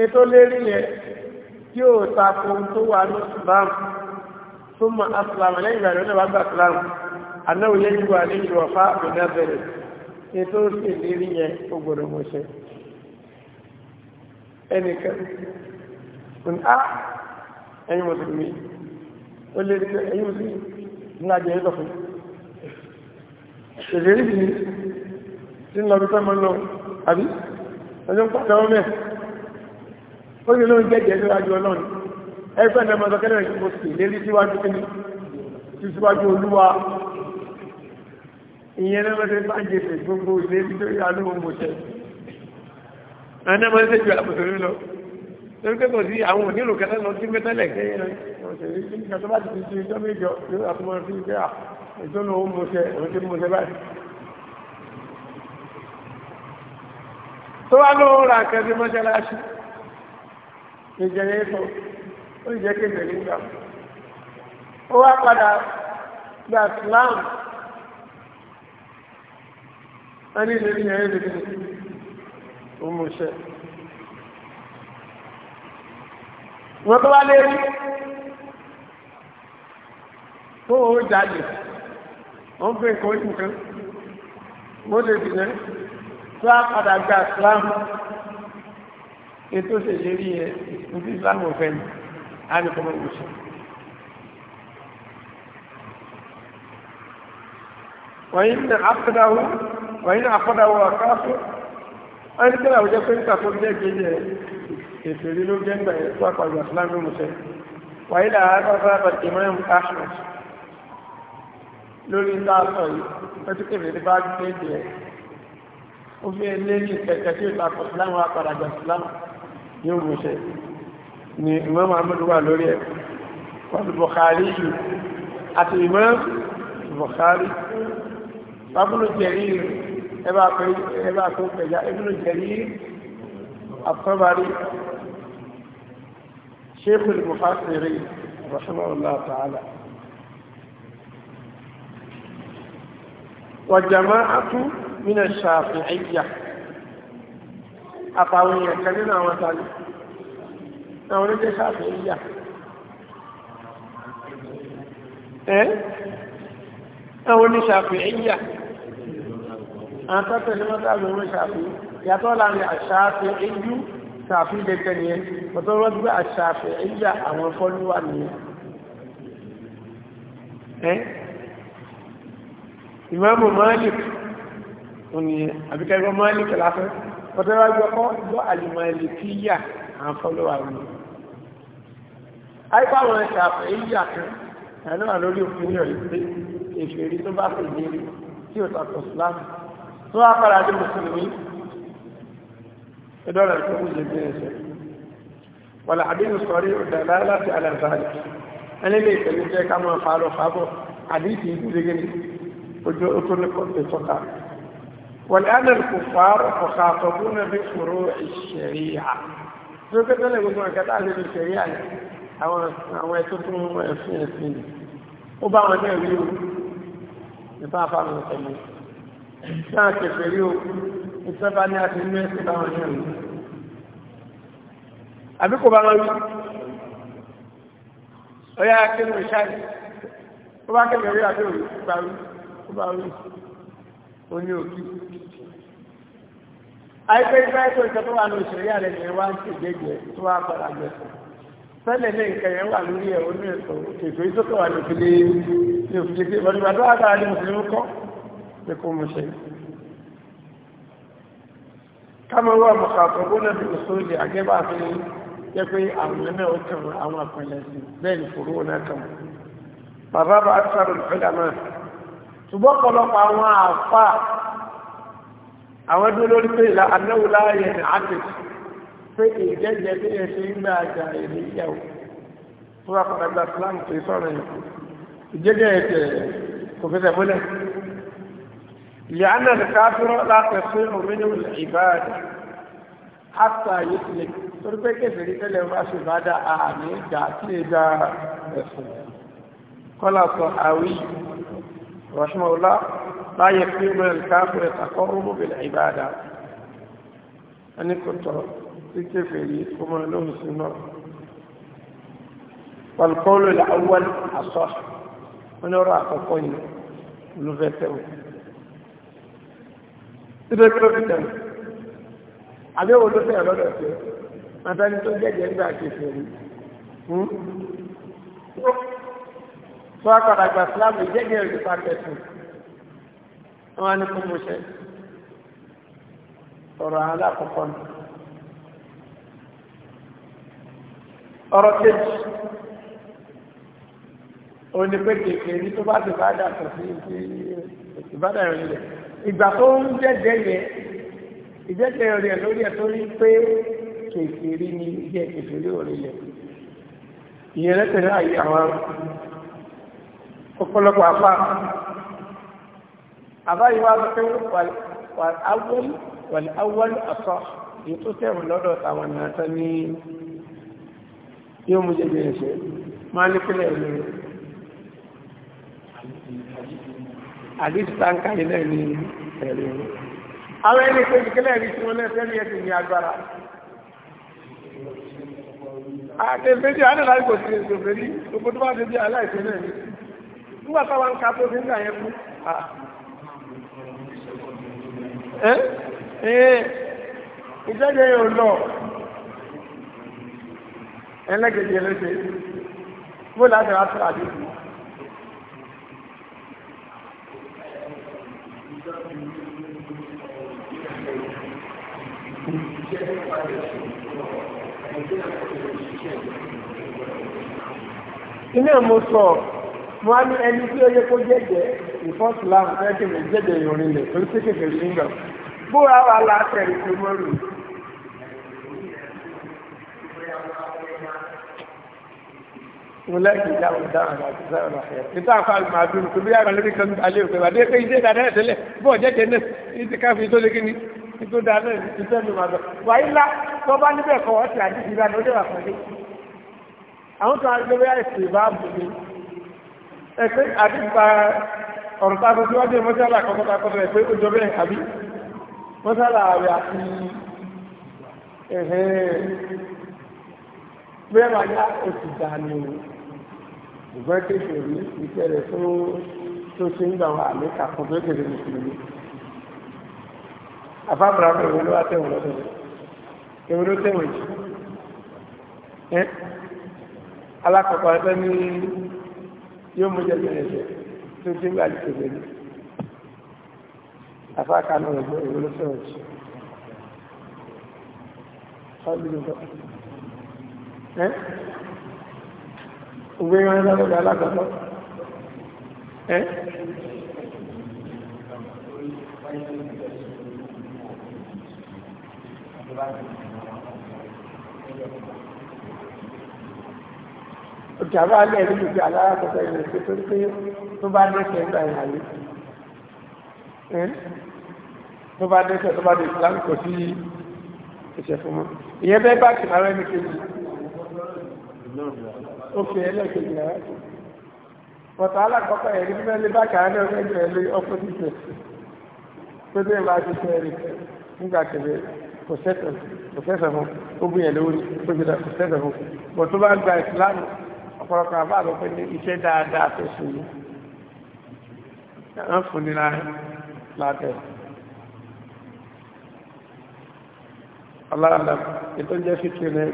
ètò lérí yẹn tí ó takò tó wà ní Islam tó mọ aslam lẹ́yìn ìgbà rẹ̀ ó lè wá gba Islam anáwó yẹ́jú wa ní ìwọ̀fá ìdábẹ̀rẹ̀ ní tó sì lérí yẹn ó gbọ́dọ̀ mọ̀ṣẹ́ ẹnìkan ń á ẹ̀yin mùsùlùmí ó lè rí ẹ̀yin mùsùlùmí ní àjẹ́ ẹ̀yìn lọ́fún ìlérí bìí tí ń lọ bí fẹ́ mọ́ lọ àbí ọjọ́ ń pàtàkì ọmọ ẹ̀ ó lè lóun jẹ́jẹ́ níwájú ọlọ́run ẹgbẹ́ ẹ̀mọ́ ọ̀dọ́kẹ́lẹ̀ ìgbòsì lérí síwájú kíní síwájú olúwa ìyẹn náà mọ́sẹ̀ bá jẹ́sẹ̀ gbogbo ìlérí tó yà lóhun mọ̀ṣẹ́ ẹni mọ́ sí ju àbùsùn lọ lórí pé kò sí àwọn onílù kẹta lọ sí mẹ́tẹ́lẹ̀ kẹ́yẹ náà òṣèré kí nǹkan tó bá ti fi ju ìjọ méjọ yóò àtúmọ̀ sí ìgbé à ìjọ́nà òun mọ̀ṣẹ́ òun ti mọ̀ṣẹ́ báyìí tó wá lóhun ra kẹsí mọ́ṣáláṣí ìjẹyẹ tó ó wá padà gbà sílámù Ani ìlérí yẹn lè ní òmùṣẹ́ wọ́n tó wá lérí tó ó jáde wọ́n gbé nǹkan oṣù kan mo lè dìnyẹ́ tó á padà gba ìsìlámù ètò ìṣèlérí yẹn ní ìsìlámù ọ̀fẹ́ ni á ní kọ́mọ́ ìwòsàn. وإن عقده wàyí náà àkọ́dáwọ̀ àkáàfẹ́ ẹni tí àwọn jẹ́ pé níta tó jẹ́ gẹ́gẹ́ ìfèrí ló jẹ́ ìgbà ẹ̀kọ́ àpàgbà ìsìlámù mùsẹ̀ wàyí náà àkọ́fẹ́ àbàtì imam ahmed lórí ńlá sọ yìí wọ́n ti kébèrè bá gbé jẹ́ ó fi lé ní kẹ̀kẹ́ tí ìta kọ̀ ìsìlámù àpàgbà ìsìlámù ابا كوكجا ابن جرير الطبري شيخ المحاصرين رحمه الله تعالى والجماعة من الشافعية أطاوية كلنا وثالي أولاد الشافعية إيه؟ أولي شافعية àtọ́tẹ̀ ní mọ́tàbí wọn ṣàfi yàtọ̀ láàrin àṣàfẹ́ ẹjú ṣàfi dẹ́tẹ̀ ni ẹ pọ̀tọ́ wọ́n gbé àṣàfẹ́ ẹjú àwọn fọ́lúwà nìyẹn ẹ́ ìmáàmù Malik òní àbíkẹ́gbọ́ Malik láfẹ́ pọ̀tọ́ wọ́n gbé ọkọ̀ gbọ́ àlùmọ̀lì kíyà àwọn fọ́lúwà nìyẹn àìpá àwọn ṣàfẹ́ ẹjú àkàn ẹ̀rọ àlórí òfin yọ̀ ìpè ìfèrí tó bá fèdè tí ò tàkọ̀ sílámù صافر عدم المسلمين إدارة الكروز الجنسة والحديث الصريح دلالة على ذلك أنا ليس لديك كما فعلوا خابوا حديث يقولون وجو أطول قلت فقا والآن الكفار فخاطبون بفروع الشريعة شو كده اللي قلت لك تعالى بالشريعة أو أو يتطلب ما يفعل فيني وبعدين يقولوا يبقى فعلوا náà kẹfẹ́ rí o ní àti inú ẹ̀sìn bá wọn yẹn àbí kò bá wọn rí ọyá kínú ìṣáàlì ó bá kẹfẹ́ rí àbí òrí ó ní òkú àìpé ìgbà tó wà ní òṣèré àrẹ̀ yẹn wá ń ṣe tó padà ní wà lórí ẹ̀ ó ní ètò ní òfin ní òfin ní òfin ní òfin ní òfin ní òfin ní òfin ní òfin jẹ́ kó mọ́ ṣe kama wà mọ̀kàtọ̀bó náà bí òṣòlì àgẹ́bà fi jẹ́ pé àwọn ẹ̀mẹ́ ó kàn àwọn àpẹẹlẹ̀ sí bẹ́ẹ̀ ni fòró náà kàn bàbá bá sọ̀rọ̀ ìfẹ́lá náà ṣùgbọ́n pọ̀lọpọ̀ àwọn àfà àwọn ẹgbẹ́ lórí pé ìlà anáwó láàyè ní àtẹ̀sí pé ìjẹ́jẹ́ bí ẹ ṣe ń gbà àjà èrè ìyàwó tó wà padà gba sílámù pé sọ̀rọ̀ yẹn ìjẹ́jẹ́ ẹ̀ṣẹ̀ kò fẹsẹ̀ múlẹ̀ لأن الكافر لا تصير منه العبادة حتى يسلك تربي كفري تلو عبادة آمي جاتي دا قال الصحاوي رحمه الله لا يكفي من الكافر التقرب بالعبادة أنا كنت كفري كما لهم سنة والقول الأول أصح ونرى أقوين لفتوه títí kí ló fi tẹ̀lé àbí wo ló fẹ́ lọ́dọ̀ sí àtàlí tó jẹ́jẹ́ nígbà kejì rí tó àpàdà gbà síláàmù jẹ́jẹ́ rí pàtẹ́sì wọn ni kò mú ṣe ọ̀rọ̀ àwọn alákọ̀ọ́kọ́ ni ọ̀rọ̀ kejì òní pé kékeré tó bá ti bá dà sọ sí ìbádà ìrìnlẹ̀ ìgbà tó ń jẹ́jẹ́ yẹ ìjẹ́jẹ́ rẹ̀ lórí ẹ̀ tó rí pé kèfèrí ni ìjẹ́ kèfèrí òrí yẹ ìyẹn lẹ́tẹ̀ẹ́ àyè àwọn ọ̀pọ̀lọpọ̀ apá àbáyíwá pé wàláwọ́l wàláwọ́l àtọ́ èyí tó tẹ̀wọ̀n lọ́dọ̀ tàwọn ìrántọ́ ní yóò mú jẹ́jẹ́ ìṣẹ́ máa ní pílẹ̀ ìlú rẹ̀ àdìsí táǹkà yìí náà ní ẹ̀rí wọn. àwọn ẹni pé ìkẹlẹ̀ rí tí wọ́n náà fẹ́ rí ẹ̀sìn ní agbára. àtẹ̀fẹ́jì àdàlà kò sí ìṣòfè rí gbogbo tó bá ti di aláìsẹ̀ náà ní. nígbà táwa ń ka tó fi ń gbà yẹn kú. ìjẹ́jẹ́ yóò lọ ẹlẹ́gẹ̀dẹ̀ lẹ́sẹ̀ bó láti rà tó àdìsí. iná mo sọ mo á ní ẹni tí ó yẹ kó jẹ́jẹ́ ìfọ́sùlám fẹ́kẹ̀rẹ̀ jẹ́jẹ́ ìrìn lẹ̀ torí kékeré sí ń gbà bóra wà látẹ̀rí tó mọ́rù mo lẹ́yìn ìdáhùn dáhùn àti sáyẹn àfẹ́ níta àfáàlù máa dúró kò bí yàrá lórí kan alẹ́ òkè wà dé pé iṣẹ́ ìdáná ẹ̀ tẹ́lẹ̀ bọ́ọ̀ jẹ́jẹ́ náà ní káfíń tó lé kí ìtò dáná ìtẹ́ mi máa lọ wàyí ńlá tó bá níbẹ̀ kọ́ ọ́ ti àdìsí ìlànà ó dẹ̀wà pẹ̀lú àwọn kan agbẹ́wẹ́ àìsè bá bù mí ẹ̀pẹ́ àdìsípa ọ̀rọ̀ tá a sọ síwájú mọ́sálà kọ́kọ́tà kọ́kọ́ ẹ̀pẹ́ ó jọ bẹ́ẹ̀ àbí mọ́sálà rẹ̀ àti ẹ̀hẹ́ bẹ́ẹ̀ máa yá oṣù dání o ìgbọ́n kéṣe rí ìṣẹ̀lẹ̀ tó ṣe ń gbà wà ní kàkọ́ tó kéde mùsùlùmí àfáàmùrà mọ̀ ìwé ló wá tẹ̀wọ̀n lọ́dọ̀ ìwé ló tẹ̀wọ̀n jù ẹ́ alákọ̀ọ́kọ́ ẹgbẹ́ ní yóò mú jẹ́ jẹ́jẹ́ tó dé wà lùkè lẹ́nu àfáàkà náà ìwé ìwé ló tẹ̀wọ̀n jù ẹ́ òwe wọn lọ́dọ̀ alákọ̀ọ́kọ́ ẹ́ ìjàmbá alẹ́ rí ibi aláràkọ́tà ilẹ̀ tó tó pé tó bá dẹ́sẹ̀ ńgbà ìhàlẹ́ tó bá dẹ́sẹ̀ tó bá dé ìsìlámù kò sí ìṣẹ̀ fún mọ́ ìyẹn bẹ́ẹ̀ bá kì máa rẹ́ni kejì ó fi ẹlẹ́kejì rẹ̀ pọ̀tà alákọ̀ọ́kọ́ ẹ̀rí bí mẹ́lẹ́ bá kàá náà rẹ́ni ẹ̀lẹ́ ọkọ̀ títẹ̀ tó dé ìbá ti fẹ́ rí nígbà kẹfẹ́ kò sẹ́sẹ̀ fún ó bú yẹn lórí tó fi dá kò sẹ́sẹ̀ fún bọ̀ tó bá gba ìsìlámù ọ̀pọ̀lọpọ̀ àbá àlọ́ pé ní iṣẹ́ dáadáa tó sùn yìí wọ́n fún ní látẹ̀. aláàlá ètò jẹ́ fíkì rẹ̀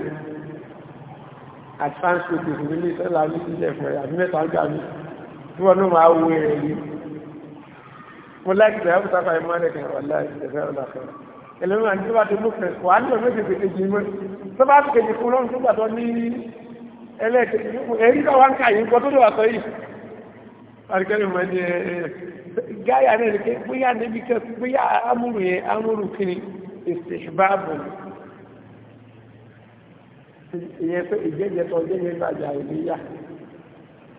advanced people nílé ìtẹ́lá ní ìjẹ́ fún ẹ̀yà mẹ́ta gbà mí tí wọ́n náà máa wo èrè yìí mo láìpẹ́ àbúkà fàìmọ́ ẹ̀kẹ́ ẹlẹ́nu àti bá ti mú fẹ̀ wà á nílò méjì pété jì mọ́ tó bá ti kejì fún lọ́nà tó gbàtọ́ ní ẹlẹ́ẹ̀kejì èyí kọ́ wá ń kà yìí gbọ́ ni pé bóyá níbi kẹ́ bóyá amúrù yẹn amúrù kiri ìsèṣbáàbò ìyẹn pé ìjẹ́jẹ́ tó jẹ́jẹ́ gbàjà ìníyà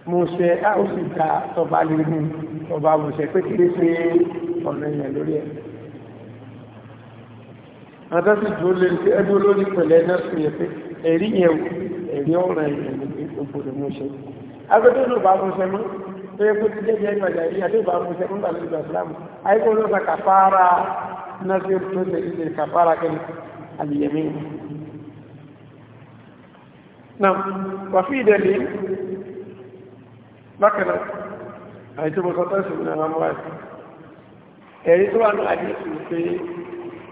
mo ṣe á ó sì ta tọba lè mú tọba mo pé kí lè ṣe ọ̀nà lórí ẹ̀ àtàbí tó lè ṣe ẹni olórí pẹ̀lẹ́ náà sí ẹ̀fẹ́ ẹ̀rí yẹn ẹ̀rí ọ̀rọ̀ ẹ̀yìn òbòdò mú agbẹ́tọ́ ló bá tó yẹ kó ti jẹ́ jẹ́ yìí àti ìbá lórí àìkó ló sa kàfàrà náà tó lè ṣe kàfàrà àlìyẹ̀mí náà náà ẹ̀rí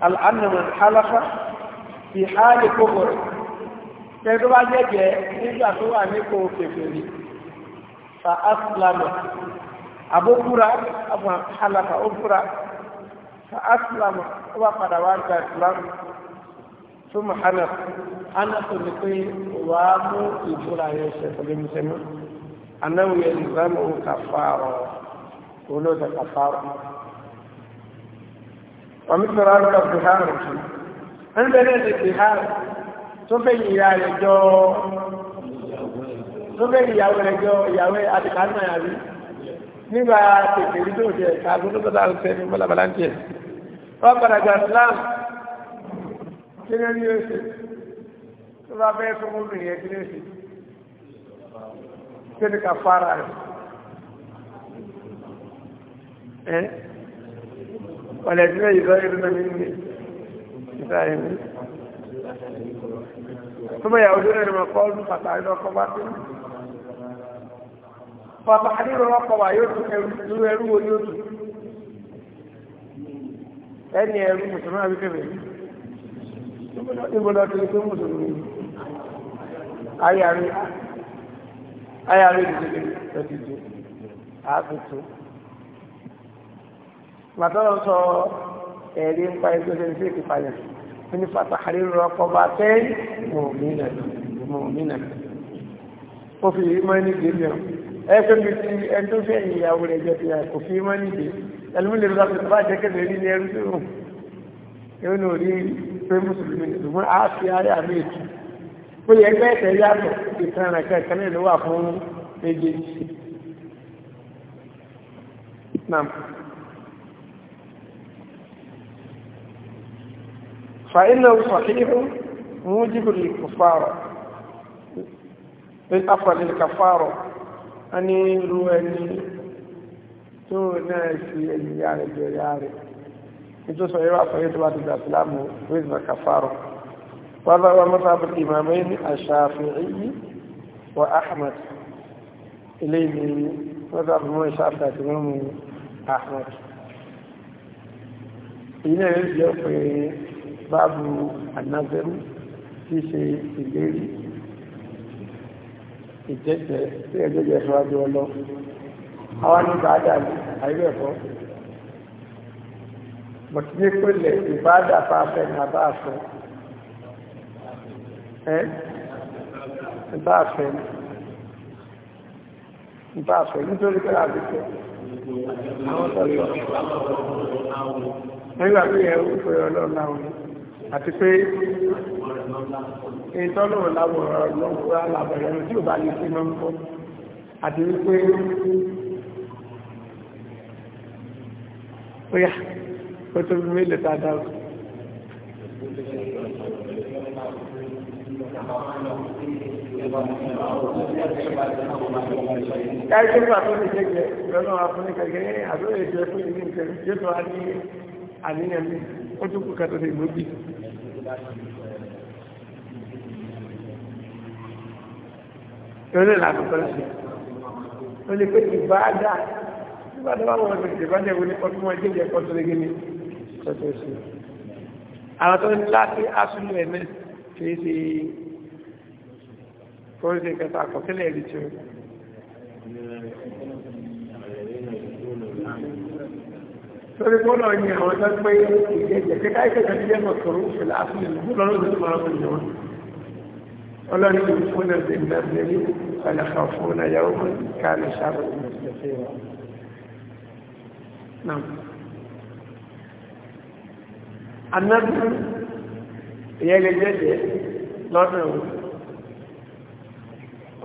al'anna man halafa fi hali kókòrò tẹ́lẹ̀ tó bá jẹ́jẹ́ nígbà tó wà ní kò kèfèrí fa aslama abókúra àmà halafa ó kúra fa aslama ó bá padà wá gba islam tó mọ̀ hanaf hanaf tó ní pé wà á mú ìfúra yẹn ṣe pẹ̀lú mùsùlùmí anáwó yẹn ìgbà mọ̀ ó kà fáàrọ̀ olóòtú kà fáàrọ̀ ọmọkùnrin ọlọ́pàá bihar jù ń bẹ̀rẹ̀ ní bihar tó fẹ́ ìyá rẹ̀ jọ tó fẹ́ ìyàwó rẹ̀ jọ ìyàwó àtìkánná àrí nígbà tètè rí lóde ẹ̀ka agbóńdókò tá a fẹ́ ní bọ́làbàlá ń tiẹ̀. wọ́n padà gba Islam kí ni ó ní yóò ṣe tó bá fẹ́ fún obìnrin yẹn kí ni ó ṣe kí ni kà fara rẹ̀. والذين يظاهرون مني فاهم ثم يعودون لما قالوا فتعيد رقباتهم فتحرير رقبة يوتو يرو يوتو ẹni ẹ̀rú mùsùlùmí àbíkẹ́bẹ̀ níbo lọ tí ó mùsùlùmí ayàrí ayàrí ìdíje ẹ̀díje ààbùtù gbàtọ́lọ́ sọ ẹ̀rí ń pa ẹgbẹ́ ṣe ń ṣe ìpàyà wọ́n ní fàtàkàrí rọ́pọ̀ bá tẹ́ mọ̀mínà ó fi ìmọ̀ ní gbèmíọ̀ ẹ̀kọ́ mi ti ẹni tó fẹ́ ìyàwó rẹ̀ jẹ́ ti kò fi ìmọ̀ ní gbè ẹlùmí lè rọ́pọ̀ tó bá jẹ́ kẹ́lẹ̀ rí ní ẹrú tó rùn yóò ní orí pé mùsùlùmí ṣùgbọ́n a fi ayé فإنه صحيح موجب للكفارة بالأفر للكفارة أني رواني تو ناسي الجيار الجيار إنتو صحيح صحيح بعد الإسلام وزن كفارة وهذا هو مذهب الإمامين الشافعي وأحمد إليه مذهب الإمام الشافعي أحمد إليه يقول báàbù ànáfẹ́rú tí ṣe ìlérí ìjẹ́jẹ́ tí ẹ̀jẹ́jẹ́ ṣọ́wájú ọlọ́ àwọn nígbà àdáàlú àìrẹ́ẹ̀kọ́ bọ̀tí ní pẹ̀lẹ̀ ìbáàdà fáfẹ́ ní abáàfẹ́ ẹ́ ìbáàfẹ́ ìbáàfẹ́ nítorí pé àbíkẹ́ àwọn tọ́lọ́ nígbà tí ẹ̀ ń pè ọlọ́run láwọn àti pé ìtọ́lọ́wọ̀ láwòrán lọ́wọ́ alábẹ̀rẹ̀ tí ò bá lè fi máa ń kọ́ àti wípé óyá ó tó bí mélòó tá a dá Káyí tó gbà tó lè jẹ́ jẹ́ lọ́nà afúnikẹ̀kẹ́ àdó èdè fún ìlú ìjẹ́ tó wá ní àníyàn ní ó tún kú kàtó lè gbóbi ìrọ̀lẹ́ ìlànà tó lọ́sẹ̀ ó lè pé ìbáadá nígbà tó bá wọn ọ̀rọ̀ ìbáadá ìwé nípa tó wọn jẹ́jẹ́ ẹ̀kọ́ tó lé gíní tọ́tọ́ sí àwọn tó ní láti aṣúlù ẹ̀mẹ́ kìí ṣe kó ṣe kẹta àkọsílẹ̀ ẹ̀rí tí ó torí kó lọ ní àwọn tó pé ìjẹjẹ kíkà ìkẹjẹ ti jẹ́ mọ̀tòrò ìṣẹ̀lẹ̀ àfihàn kó lọ́rọ̀ tó máa ń yọ ọlọ́run yìí fún ẹgbẹ́ ìdájẹ́rí ọ̀làkà fún ẹyàwó ká lè ṣàrò Anábì ìyẹn lè jẹ́jẹ́ lọ́dọ̀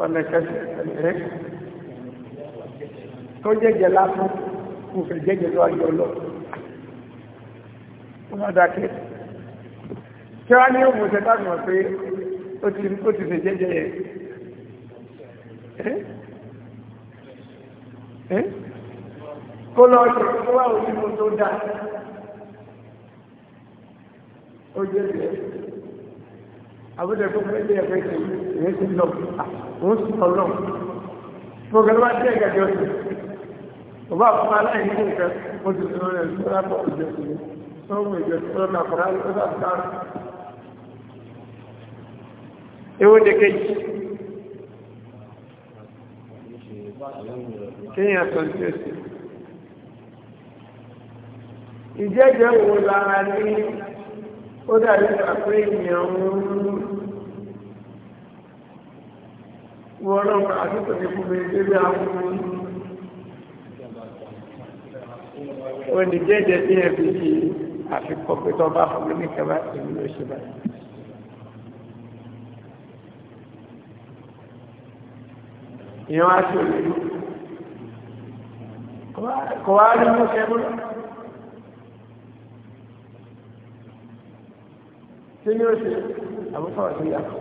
ọ̀nà kẹsì ẹ̀rẹ́ tó jẹ́jẹ́ lásán kò fẹ́ jẹ́jẹ́ lọ ayé ọlọ́ ó má dákẹ́ kí wá ní òun ṣe bá mọ̀ pé ó ti fẹ́ jẹ́jẹ́ yẹn kó lọ ṣe tó wà òsì mo tó dá ó jẹ́ bẹ́ẹ̀ àbúdẹ̀ tó fẹ́ lé ẹ̀fẹ́ ṣe ìrẹsì lọ òun sì lọ lọ gbogbo ẹgbẹ́ tí ẹ̀gẹ̀dẹ̀ bàbá àkọ́kọ́ aláìní ní nǹkan mo ti sọ rẹ̀ lọ́wọ́ àpọ̀ ìjọsìn sọ́run ìjọsìn lọ́nà àkọ́rá lọ́sà dára. Ewo de kejì. Kéèyàn sọ ní ẹ̀sìn. Ìjẹ́jẹ́ wo lára ní ó dàbí àpé ènìyàn ń wọ́n àtúntò ní fún mi débi àwọn ọmọ yìí. òní jẹ́jẹ́ tí ẹ fi ṣe àfikọ́ pé tó bá fún mi ní kẹfà èmi ló ṣe báyìí. ìyẹn wá sí òní kò wá rí mú kẹ́mú lọ. kí ni ó àbúkọ̀ ọ̀sẹ̀ yàtọ̀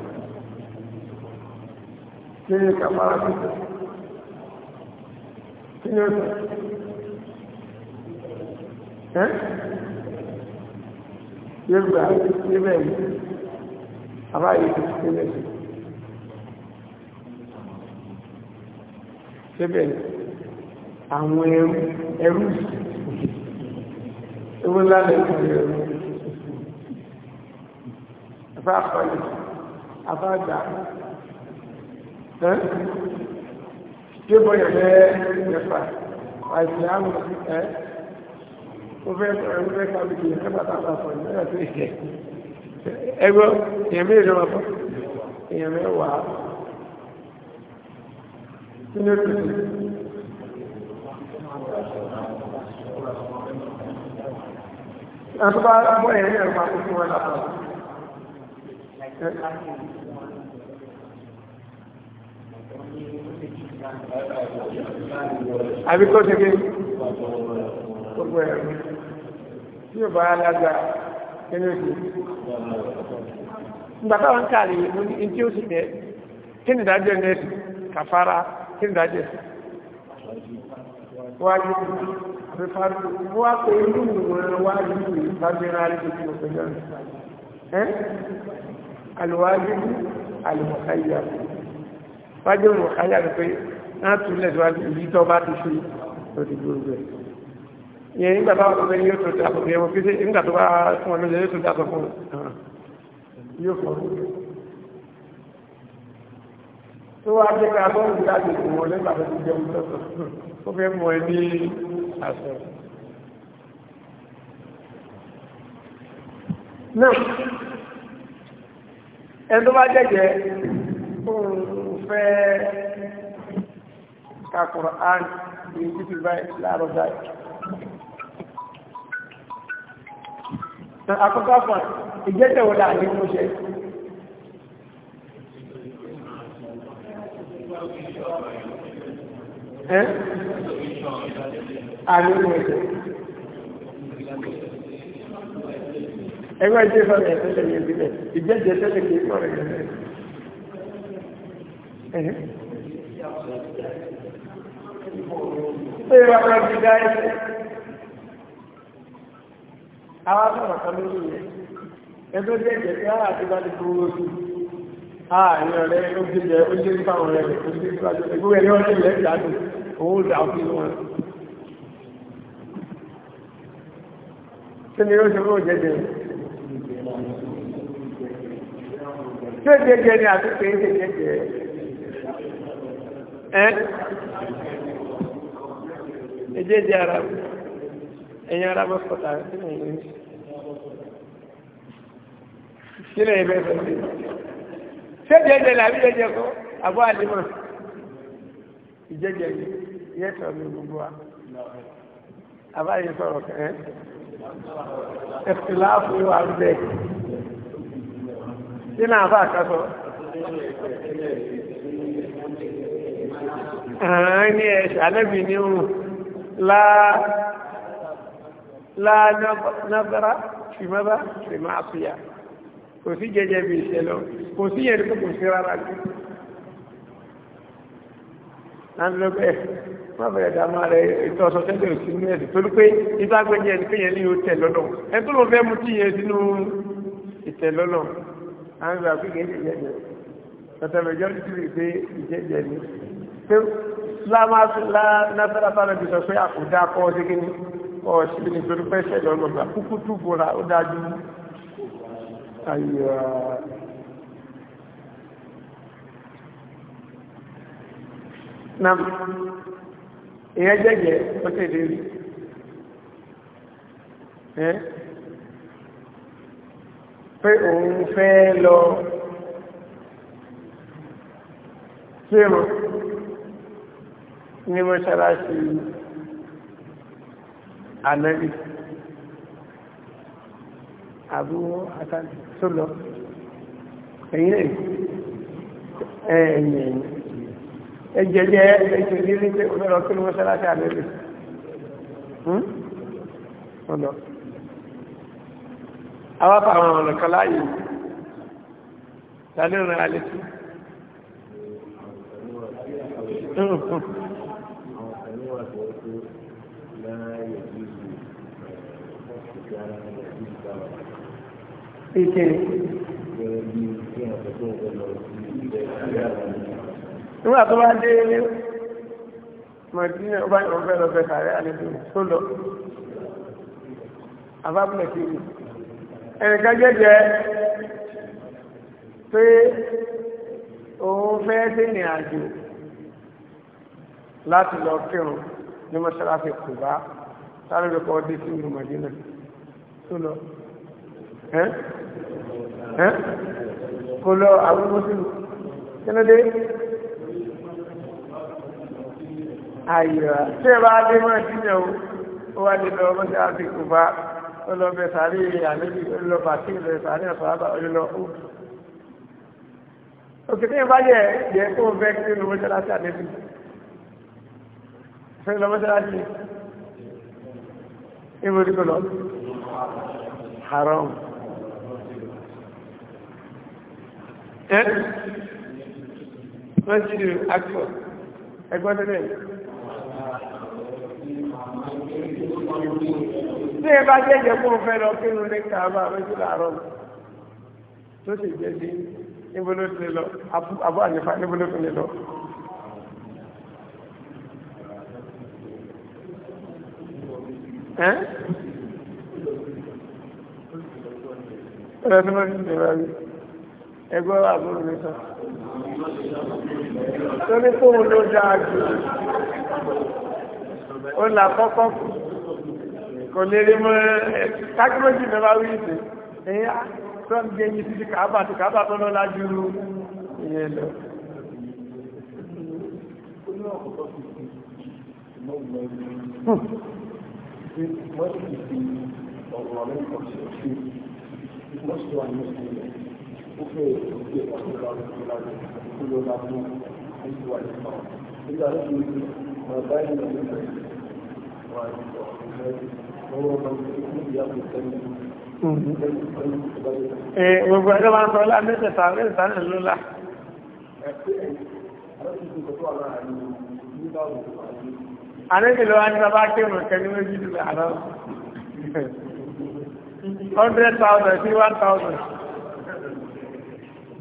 kí ni kàfàrà tuntun kí ni ó ẹ́ yorùbá níbẹ̀ ni àbáyé tó ti níbẹ̀ sí síbẹ̀ àwọn ẹrú ẹrú ewu ńlá lẹ́yìn ẹrú ẹ̀fà àpọ̀lẹ̀ àbájá ẹ́ tí ó bọ̀ yẹ̀ fẹ́ yẹ̀fà àìsàn àmì ẹ́ ó fẹ́ ẹ̀rọ fẹ́ sábì kì í ẹ̀ bàtà bá sọ ní ẹ̀rọ tó ń jẹ ẹgbẹ́ èèyàn mẹ́rin wọn fọ́ èèyàn mẹ́wàá kí ni ó ti sè àtúbà bọ́ ẹ̀rí ẹ̀rọ máa kó fún wọn lápá àbíkọ́ ṣe kí ni gbogbo ẹ̀rù tí ò bá lágbà nínú ìlú. Ìgbà táwọn káàrí ìlú ní tí ó sì jẹ́ kí ni ìdájọ́ ní ẹ̀sìn kàfàrà kí ni ìdájọ́ ẹ̀sìn. Wájú pẹ̀fàrù wá pé inú ìwòrán wá rí ìlú bábẹ́rẹ́ àríkò tí mo pẹ̀lú ẹ̀. Àlùwájú àlùmọ̀káyà. Wájú àlùmọ̀káyà rẹ̀ pé náà túnlẹ̀ síwájú ìlú tó bá ti ṣe lórí gbogbo yẹn nígbà táwọn tó fẹ́ yóò tó ti àtọ̀ fún yẹn wọ́n fi ṣe nígbà tó bá fún ọlọ́jọ́ yóò tó ti àtọ̀ fún yóò fọ́ tó wá jẹ́ ká bọ́ ní láti fún wọn lẹ́gbà tó ti jẹun tọ́tọ̀ ó fẹ́ mọ ẹ ní àṣọ. náà ẹni tó bá jẹ́jẹ́ òun fẹ́ kakùrọ̀ án ní títí báyìí láàárọ̀ báyìí àkọ́kọ́ fún ìgbésẹ̀ wọ́n dáa ní kó ṣe. àmì ìwọ̀n ẹ̀jẹ̀ ẹgbẹ́ ìjẹ́ fọ́nà ẹ̀tẹ́lẹ̀ yẹn sílẹ̀ ìgbẹ́jẹ̀ tẹ́lẹ̀ kìí fọ́nà ẹ̀yẹn Ẹ̀yẹ́ àwọn sọ̀rọ̀ kan ebe rẹ̀ ẹgbẹ́ jẹ́ jẹ́ pé àwọn àti bájú tó wó sí ààrin ọ̀rẹ́ ó ti jẹ́ ó jẹ́ nípa àwọn ẹ̀rẹ̀ tó ti síwájú ẹgbẹ́ ẹni wọ́n ti lẹ́ ìdájọ́ owó ni ó ṣe kó jẹjẹ ṣé ni àti pé ṣe jẹjẹ ẹ jẹjẹ ara ẹ̀yin ara máa fọ̀tà rẹ̀ sílẹ̀ yìí sílẹ̀ yìí bẹ́ẹ̀ fẹ́ ṣé jẹjẹ làbí jẹjẹ kọ́ àbọ̀ àdìmọ̀ ìjẹjẹ yìí yẹ sọ̀rọ̀ mi gbogbo wa àbáyé sọ̀rọ̀ kẹ́ ẹ̀fìláàfù wà ń bẹ̀ sínú àbá àkásọ. ààrẹ ní ẹ̀ṣẹ̀ alẹ́bí ní òun láà la nazara fìmọ́bá fìmọ́ àfíà kò sí jẹjẹ bí ìṣẹ̀lọ kò sí yẹn tó kò sí rárá jù lánàlọ́gbẹ́ má bẹ̀rẹ̀ dá máa rẹ ètò ọ̀sán tẹ́lẹ̀ òsì ní ẹ̀sìn torí pé ìta gbẹ́jẹ́ ẹni pé yẹn ní o tẹ̀ lọ́nà ẹ tó lọ fẹ́ mú tí yẹn sínú ìtẹ̀ lọ́nà àwọn ìgbà pé kìí ṣe jẹjẹ tọ́tẹ̀lẹ̀jọ́ ti rí pé ìjẹjẹ ni pé lámásùlá násàlá bá lọ bí sọ pé àkùdá kọ́ ọ́ sí kíní ọ̀ṣìbí ní torí pẹ́ṣẹ́ lọ́lọ́gbà kúkú túbúra ó dájú ayọ̀ nam ìyẹn jẹ́jẹ́ ọ̀tẹ̀ ìlérí ẹ́ pé òun fẹ́ lọ sí ìrùn ní mọ́ṣáláṣí yìí ànábì àbú àtàlẹ̀ tó lọ ẹ̀yìn ẹ̀yìn ẹ̀yìn ẹjẹjẹ ẹjẹjẹ ní pé olóòrọ̀ kí ló mọ́sálásí ànábì hmm? ọ̀nà awápa àwọn ọ̀nà kan láàyè tàbí ọ̀nà alẹ́ sí hmm, hmm. Ike. Nígbà tó bá dé ní Mọ̀dínà ọba ìwọ̀nfẹ́ lọ́fẹ́ sàárẹ́ àlejò tó lọ. Àbábùlẹ̀ kí ni. Ẹnìkan jẹ́jẹ́ pé òun fẹ́ sí ìrìn àjò láti lọ kírun ní mọ́ṣáláṣí Kùbá sáré lọ́kọ́ ọdún sí ìlú Mọ̀dínà tó lọ kò lọ àwọn mùsùlùmí kílódé àyíra tí ẹ bá dé mọ́ ìdíjẹ́ o ó wá lè lọ ọmọ sí àti kùbá ọlọ́bẹ̀ sàárè àlébí ọlọ́bà sí ilẹ̀ sàárè ọ̀sọ̀rọ̀bà ọlọ́ òkè tí ìbá yẹ yẹ kó bẹ́ kí ló mọ́ṣẹ́ láti àlébí ṣe lọ mọ́ṣẹ́ láti ìmọ̀ ìdíkọ̀ lọ haram ẹ́ eh? mọ́sídì akọ̀ ẹgbọ́n tẹ́lẹ̀ tí ẹ bá jẹ́jẹ́ fún ọ̀fẹ́ lọ kí ló ní kàábà méjì láàárọ̀ tó sì jẹ́ sí níbo ló ti lọ àbọ̀ àyẹ̀fà níbo ló ti lọ. Ẹ́ ẹ̀rọ tí wọ́n ti lè wá rí ẹgbẹ́ wà bóró mi sọ torí kó o ló dáa jù ó là kọ́kọ́ kò lè rí mọ́ ẹ kákírọ́jì mi bá wí ìsè ẹ̀yà tó ń gbé yín títí kàábà tí kàábà tó lọ́la jù ìyẹn lọ. Mọ́sí ti ọ̀rọ̀ rẹ̀ ó fẹ́ ìgbé ọ̀sẹ̀ lọ́wọ́ ìgbéláwọ̀ tó lọ bá fún ẹ̀yìn wà ní ọ̀. nígbà tó ń bí bàbá ìlú ìlú wà ní ọ̀ lọ́wọ́ bá sí 1,000.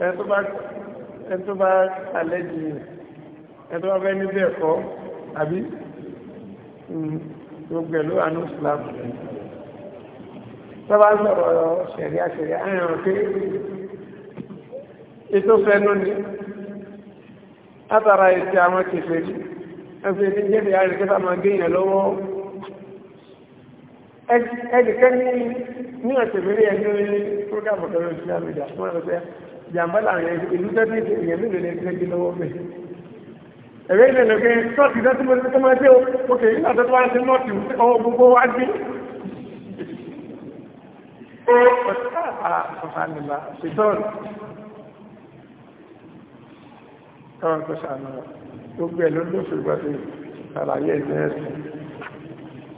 ẹ tó bá àlẹ́jì ẹ tó bá fẹ́ níbi ẹ̀kọ́ àbí hmm, gbogbo ẹ̀lú àánú ìsìlámù tó bá ń sọ̀rọ̀ ṣẹ̀ríà ṣẹ̀ríà ẹ̀rọ pé ètò fẹ́nu ni látara ètò àwọn kìfẹ́ ẹgbẹ́ ní jẹ́bi àríkẹ́ta máa gbéyàn lọ́wọ́ ẹgbẹ̀kẹ́ ní ọ̀sẹ̀ mẹ́rin ẹgbẹ́ ní fúrúgàmù kẹrin ìsìlámù ìdàkùnrin ọ̀sẹ̀ jàǹbá làwọn ìlú tẹ́tí èèyàn mélòó lè fi ẹgbẹ́ lọ́wọ́ bẹ̀. ẹ̀rẹ́ ilẹ̀ lọ́gbẹ́ tọ́ọ̀tì tó ti mọ tó máa dé o ó kè nígbà tó tó wáá sí nọ́ọ̀tì ọwọ́ gbogbo wá dé. ó ọ̀sánìlá ṣètọ́n tọ́wọ́n tó ṣàánú gbogbo ẹ̀ ló ló ṣùgbọ́n ti ṣàlàyé ìgbẹ́ ẹ̀sìn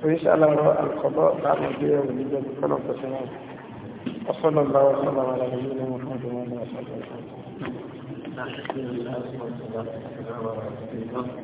oníṣàlàrọ̀ àkọ́bọ̀ táwọn ọdẹ ẹ̀wọ̀n níjọ́ وصلى الله وسلم على نبينا محمد وعلى اله وصحبه وسلم